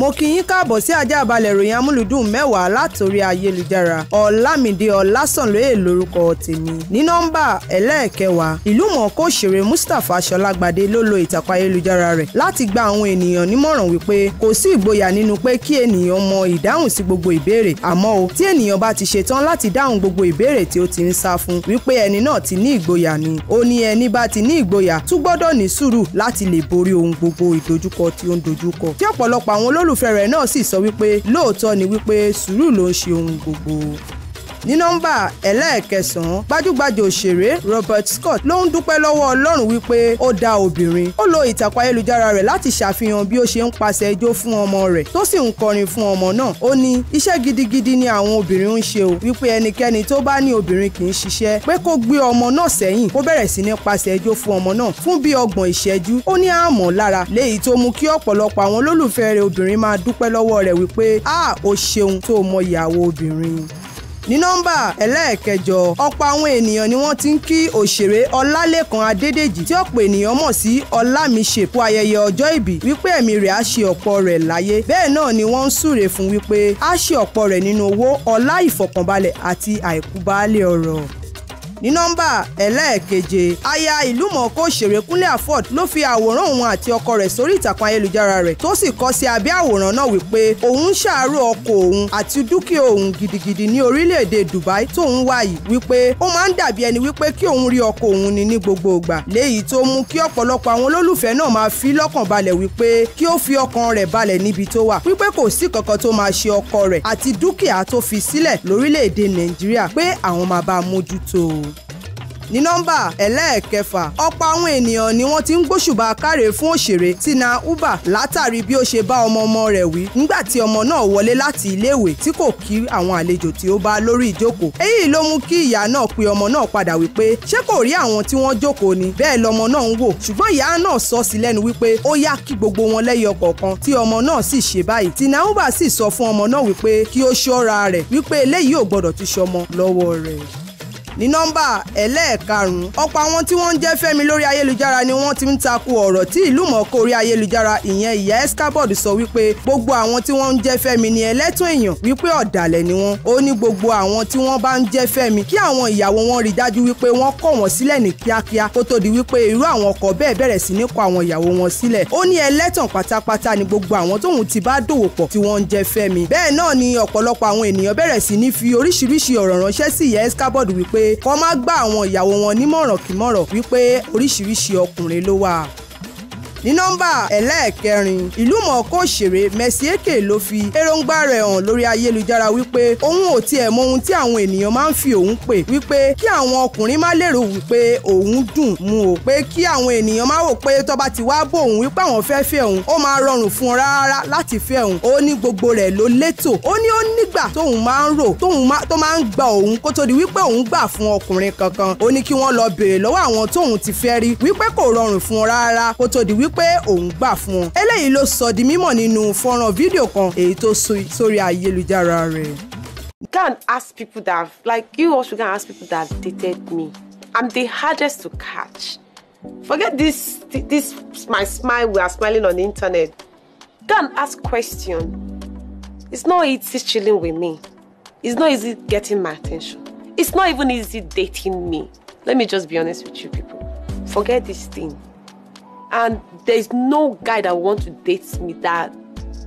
mo kí yín káàbọ̀ sí ajá balẹ̀ ìròyìn amúlùdùn mẹ́wàá látòrí ayélujára ọ̀làmídé ọ̀làsànlóye lórúkọ tèmi ní nọ́mbà ẹlẹ́ẹ̀kẹwàá ìlúmọ̀ọ́ká òṣèré Mustapha Ṣọlágbadé ló lo ìtàkùn ayélujára rẹ̀ láti gba àwọn ènìyàn nímọ̀ràn wípé kò sí ìgboyà nínú pé kí ènìyàn mọ ìdáhùn sí gbogbo ìbéèrè àmọ́ o tí ènìyàn bá ti ṣetán láti dáhùn gbogbo ìbéèrè tí ó ti ń sá fún wípé ẹni náà ti ní ìgboyà ni ó ní ẹni bá ti ní ìgboyà tún gbọ́dọ̀ ní sùúrù láti lè borí ohun gbogbo ìdojúkọ tí ó ń dojúkọ tí ọ̀pọ̀lọpọ̀ àwọn olólù olólùfẹ́ rẹ̀ náà sì sọ wípé lóòótọ́ ni wípé sùúrù ló ń ṣe ohun gbogbo ní nọ́mbà ẹlẹ́ẹ̀kẹsàn-án gbajúgbajà òṣèré Robert Scott ló ń dúpẹ́ lọ́wọ́ Ọlọ́run wípé ó dá obìnrin ó lo ìtàkùn ayélujára rẹ̀ láti ṣàfihàn bí ó ṣe ń pasẹ̀ ijó fún ọmọ rẹ̀ tó sì ń kọrin fún ọmọ náà ó ní iṣẹ́ gidigidi ni àwọn obìnrin ń ṣe o wípé ẹnikẹ́ni tó bá ní obìnrin kì í ṣiṣẹ́ pé kó gbé ọmọ náà sẹ́yìn kó bẹ̀rẹ̀ sí ní pasẹ̀ ijó fún ọmọ náà fún bí ọgbọ̀n ìṣẹ́jú ó ní àmọ́ lára léyìí tó mú kí ọ̀pọ̀lọpọ̀ àwọn olólùfẹ́ rẹ̀ obìnrin máa dúpẹ́ lọ́wọ́ rẹ̀ wípé a ò ṣeun tó mọ ìyàwó obìnrin ní nọ́mbà ẹlẹ́ẹ̀kẹjọ ọ̀pọ̀ àwọn ènìyàn ni wọ́n ti ń kí òṣèré ọlálẹ́kan adédèjì tí ọ̀pọ̀ ènìyàn mọ̀ sí ọlámiṣe kú ayẹyẹ ọjọ́ ìbí wípé ẹ̀mí rẹ̀ á ṣe ọ̀pọ̀ rẹ̀ láyé bẹ́ẹ̀ náà ni wọ́n ń súre fún wípé á ṣe ọ̀pọ̀ rẹ̀ nínú owó ọlá ìfọ̀kànbalẹ̀ àti àìkú baálé ní nọ́mbà ẹlẹ́ẹ̀keje aya ìlúmọ̀ọ́ká òṣèré Kúnlé Afod ló fi àwòrán òun àti ọkọ rẹ̀ sórí ìtàkùn ayélujára rẹ̀ tó sì kọ sí abẹ́ àwòrán náà wípé òun ń ṣàárò ọkọ òun àti dúkìá òun gidigidi ní orílẹ̀-èdè Dubai tóun wà yìí wípé ó máa ń dàbí ẹni wípé kí òun rí ọkọ òun ni ní gbogbo ìgbà léyìí tó mú kí ọ̀pọ̀lọpọ̀ àwọn olólùfẹ́ náà máa fi lọ́kàn balẹ̀ wípé kí ó fi ọkàn rẹ̀ balẹ̀ níbi tó wà wípé kò sí kankan tó máa ṣe ọkọ rẹ̀ àti dúkìá tó fi sílẹ̀ lórílẹ̀-èdè Nàìjíríà pé àwọn máa bá a mójútó o ní nọ́mbà ẹlẹ́ẹ̀kẹfà ọ̀pọ̀ àwọn ènìyàn ni wọ́n ti ń gbóṣùbà káre fún òṣèré na Uba látàrí bí ó ṣe bá ọmọ ọmọ rẹ̀ wí nígbà tí ọmọ náà wọlé láti iléèwé tí kò kí àwọn àlejò tí ó bá lórí ìjókòó èyí ló mú kí ìyá náà pe ọmọ náà padà wípé ṣé kò rí àwọn tí wọ́n jókòó ni bẹ́ẹ̀ lọmọ náà ń wò ṣùgbọ́n ìyá náà sọ sí lẹ́nu wípé ó yá kí gbogbo wọn lẹ́yọ kọ̀ọ̀kan tí ọmọ náà sì ṣe báyìí Tina Uba sì sọ fún ọmọ náà wípé kí ó ṣọ́ra rẹ̀ wípé eléyìí ò gbọ́dọ̀ ti ṣọmọ lọ́wọ́ rẹ̀ ní nọ́mbà ẹlẹ́ẹ̀karùn-ún ọ̀pọ̀ àwọn tí wọ́n ń jẹ́ Fẹ́mi lórí ayélujára ni wọ́n ti ń takò ọ̀rọ̀ tí ìlú mọ̀ọ́ká orí ayélujára ìyẹn ìyá Escabod sọ wípé gbogbo àwọn tí wọ́n ń jẹ́ Fẹ́mi ni ẹlẹ́tún èèyàn wípé ọ̀dàlẹ̀ ni wọ́n ó ní gbogbo àwọn tí wọ́n bá ń jẹ́ Fẹ́mi kí àwọn ìyàwó wọn rí dájú wípé wọ́n kọ̀ wọ́n sílẹ̀ ní kíákíá kó tó di wípé irú àwọn ọkọ bẹ́ẹ̀ bẹ̀rẹ̀ sí ní kọ̀ àwọn ìyàwó wọn sílẹ̀ ó ní ẹlẹ́tàn pátápátá ni gbogbo àwọn tóun ni ọ̀pọ̀lọpọ̀ àwọn ènìyàn bẹ̀rẹ̀ sí ní fi oríṣiríṣi ọ̀rọ̀ ránṣẹ́ sí ìyá wípé pé kó má gba àwọn ìyàwó wọn nímọ̀ràn kímọ̀ràn wípé oríṣiríṣi ọkùnrin ló wà ní nọ́mbà ẹlẹ́ẹ̀kẹrin ìlúmọ̀ọ́ká òṣèré Mercy Eke ló fi èròǹgbà rẹ̀ hàn lórí ayélujára wípé òun ò tiẹ̀ mọ ohun tí àwọn ènìyàn máa ń fi òun pè wípé kí àwọn ọkùnrin má lérò wípé òun dùn mu ò pé kí àwọn ènìyàn má wò pé tó bá ti wá bò òun wípé àwọn fẹ́ fẹ́ òun ó máa rọrùn fún un rárá láti fẹ́ òun ó ní gbogbo rẹ̀ ló létò ó ní ó nígbà tóun máa ń rò tóun di wípé òun gbà fún ọkùnrin kankan ó ní kí wọ́n lọ béèrè lọ́wọ́ àwọn tóun ti fẹ́ rí wípé kò rọrùn di wípé wípé òun gbà fún wọn eléyìí ló sọ di mímọ̀ nínú fọ́nrán fídíò kan èyí tó sórí ayélujára rẹ̀. Go ask people that like you also go ask people that dated me. I'm the hardest to catch. Forget this this my smile we are smiling on the internet. Go ask question. It's not easy chilling with me. It's not easy getting my attention. It's not even easy dating me. Let me just be honest with you people. Forget this thing. And there's no guy that want to date me that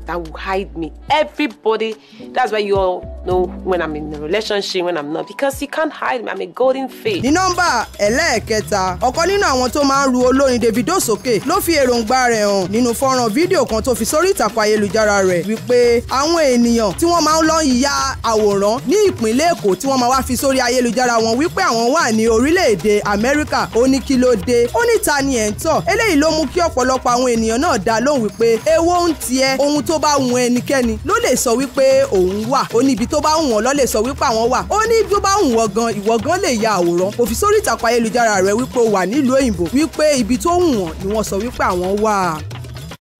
that will hide me. Everybody, that's why you're know when I'm in a relationship when I'm not because you can't hide me I'm a golden face. ní nọ́mbà ẹlẹ́ẹ̀kẹta ọ̀kan nínú àwọn tó máa ń ru olórin Davido sókè ló fi èròǹgbà rẹ̀ hàn nínú fọ́nrán fídíò kan tó fi sórí ìtàkùn ayélujára rẹ̀ wípé àwọn ènìyàn tí wọ́n máa ń lọ ya àwòrán ní ìpínlẹ̀ Èkó tí wọ́n máa wá fi sórí ayélujára wọn wípé àwọn wà ní orílẹ̀-èdè Amẹ́ríkà ó ní kí ló dé ó ní ta ni ẹ̀ ń tọ̀ eléyìí ló mú kí ọ̀pọ̀lọpọ̀ àwọn ènìyàn náà dá lóhùn wípé èwo ń tiẹ̀ ohun tó bá wù ẹnikẹ́ni ló lè sọ wípé òun wà ó níbi tó bá wù wọ́n lọ sọ wípé àwọn wà ó ní tó bá wù wọ́n gan ìwọ gan lè ya àwòrán kò sórí ìtàkùn ayélujára rẹ̀ wípé o wà nílùú òyìnbó wípé ibi tó wù wọ́n ni wọ́n sọ wípé àwọn wà.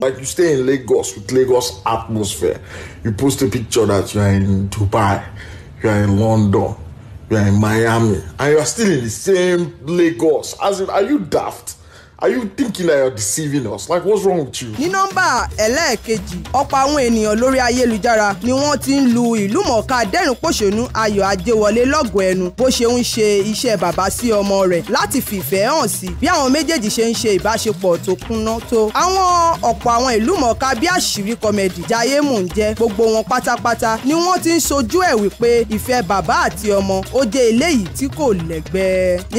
Like you stay in Lagos with Lagos atmosphere. You post a picture that you are in Dubai, you are in London, you are in Miami, and you are still in the same Lagos. As if, are you daft? Are you thinking that you're deceiving us? Like what's wrong with you? Ní nọ́mbà ẹlẹ́ẹ̀kejì ọ̀pọ̀ àwọn ènìyàn lórí ayélujára ni wọ́n ti ń lu ìlú mọ̀ọ́ká dẹ́rùn-pọ̀ṣónú Ayọ̀ Ajéwọlé lọ́gọ̀ọ́ ẹnu bó ṣe ń ṣe iṣẹ́ bàbá sí ọmọ rẹ̀ láti fìfẹ́ hàn sí bí àwọn méjèèjì ṣe ń ṣe ìbáṣepọ̀ tó kúnná tó. Àwọn ọ̀pọ̀ àwọn ìlú mọ̀ọ́ká bí àṣírí kọmẹdì Jaiye Mungje gbogbo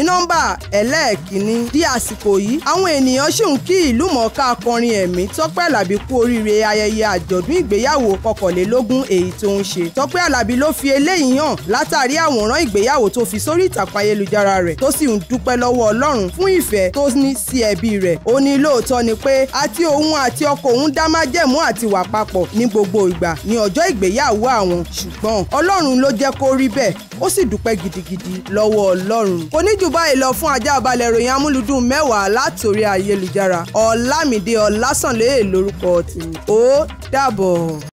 ń jẹ́ eléyìí di àsìkò àwọn ènìyàn ṣì ń kí ìlú mọ̀ọ́ká akọrin ẹ̀mí tọ́pẹ́ àlàbí kú oríire ayẹyẹ àjọ̀dún ìgbéyàwó kọkànlélógún èyí tó ń ṣe tọ́pẹ́ àlàbí ló fi eléyìí hàn látàrí àwòrán ìgbéyàwó tó fi sórí ìtàkùn ayélujára rẹ̀ tó sì ń dúpẹ́ lọ́wọ́ ọlọ́run fún ìfẹ́ tó ní sí ẹbí rẹ̀ ó ní lóòótọ́ ni pé àti òun àti ọkọ òun dá májẹ̀mú àti wà papọ̀ ní gbogbo ìgbà ní orí ayélujára Ọlámídé Ọlásànlóye lórúkọ tèmi ó dàbọ̀.